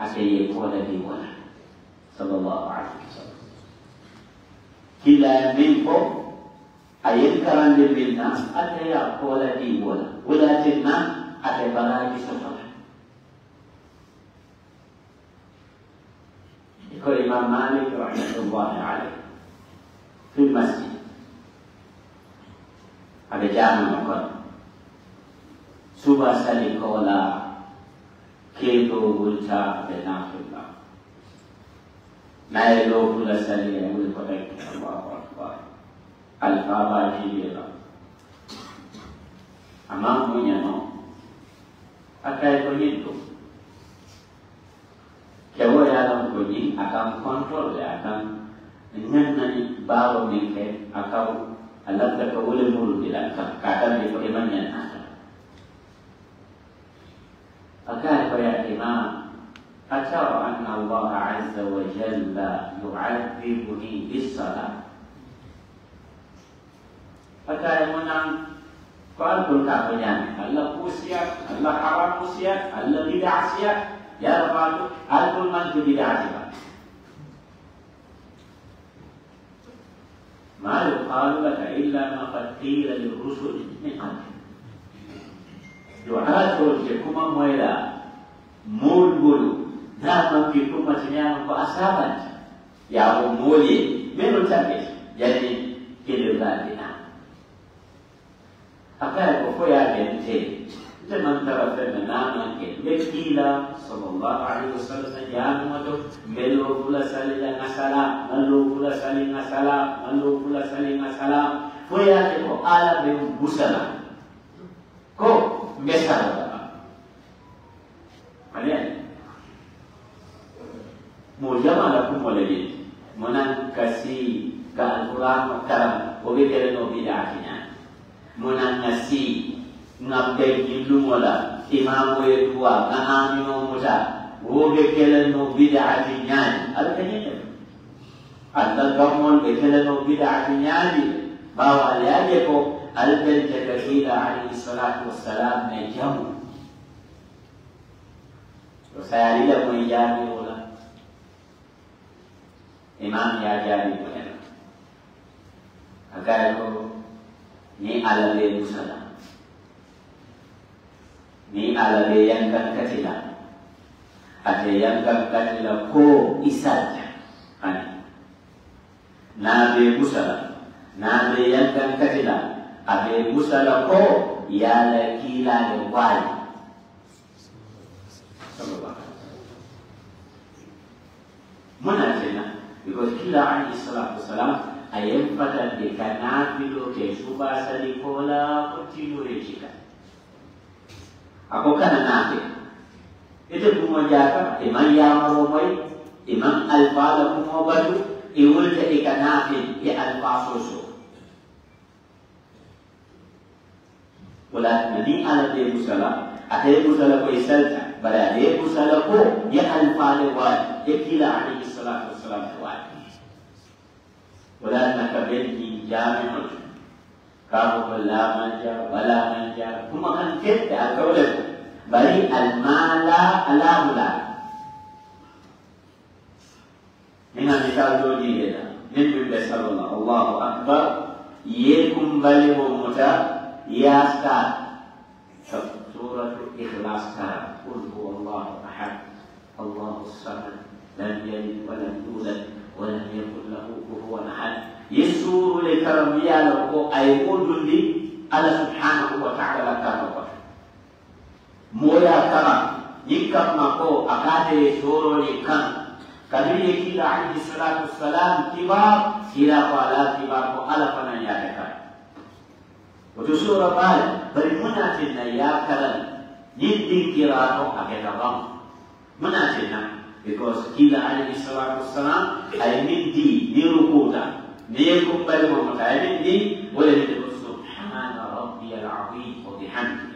ada yang kuala di mana sallallahu alaihi wasallam kila minko ayat karan di minna ada yang kuala di mana wala jinnah ada yang di sallallahu Ikut Imam Malik rahmatullahi alaih Di masjid Ada jalan makan Subah salik kau kedo ulta benafika. Naya lo pula sari yang boleh pakai Allah Akbar. Al-Faba Jibira. Amang punya no. Akai begitu. Kewa ya lo kunyi akan kontrol ya akan Nenani bawa mereka akau Allah tak boleh mulu bila kata dia bagaimana nak ha? فكان يعتما أترى أن الله عز وجل يعذبني بالصلاة فكان يقول قال كل أقول يعني. هل قوسيا هل حرام قوسيا هل بدعسيا يا رب هل كل من تبدع سيا ما يقال لك إلا ما قد قيل للرسل من قبل doa tu je kuma muela mul bulu dah mampir kuma senyang ko asaban ya aku muli menurut saya jadi kira lagi nak apa yang kau ya benci itu mantap apa yang nama kita mekila sallallahu alaihi wasallam yang mana melu pula saling nasala melu pula saling nasala melu pula saling nasala kau ya kau alam yang busana kau biasa. Mana? Mulia mana pun boleh jadi. Mana kasih kalau kurang macam boleh jadi nabi dah akhirnya. Mana kasih ngabdi ilmu mula imam boleh dua ngam imam muda boleh jadi nabi dah akhirnya. Ada kenyataan. Ada kamu boleh jadi nabi dah akhirnya. کو البل ئەلبەر جەگەشیدا علی سەلات وەسەلام نەجەمو وسیاری لە مەیانی امام یا یاجاری بڵێن اگر کو نی ئەلەبێ موسەلا نی ئەلەبێ یەنگەن کەتیلا ئەتێ یەنگەن کەتیلا کۆ ئیسەت نا نابێ موسەلا nambe yankan katila abe musala ko yala kila ne wali muna kenan because kila alayhi salatu wasalam ayen fata de kana bilo ke suba sali kola kotilo rejika ako kana nafe ite kuma jaka iman ya maro mai iman alfala kuma batu iwulta ikanafe ya alfasoso wala nadi ala de musala ate musala ko isalta bala de musala ko ya alfale wa ya kila alayhi salatu wassalam wa wala annaka bihi jami'un kamu la manja wala manja kuma kan tedda akawle ko bari almala ala mula mina misal do ni da min bi sallallahu allahu akbar yekum balimu muta يا استاذ سوره الاخلاص اخلاص قل هو الله احد الله الصمد لم يلد ولم يولد ولم يكن له كفوا احد يسور يسوع يا له اي قول لي انا سبحانه وتعالى كما مويا كما يكم ما كو اكاد يسور لكم كبير كده عليه الصلاه والسلام كبار سيرا ولا كبار وخلفنا يا وتصور بال بل منا في النيا كلام يدي كيراتو أكيد رام منا فينا because كلا عليه الصلاة والسلام أي مدي نيروكوتا نيركو بل ما متى مدي ولا نيركو سبحان ربي العظيم وبحمده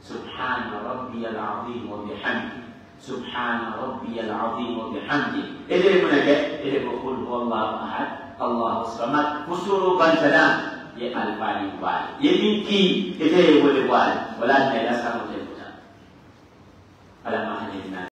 سبحان ربي العظيم وبحمده سبحان ربي العظيم وبحمده إذا منا جاء إذا بقول والله أحد الله الصمد فسروا بالسلام ye alfani wal ye minki ite ye wole wal wala nela sa mo te ala ma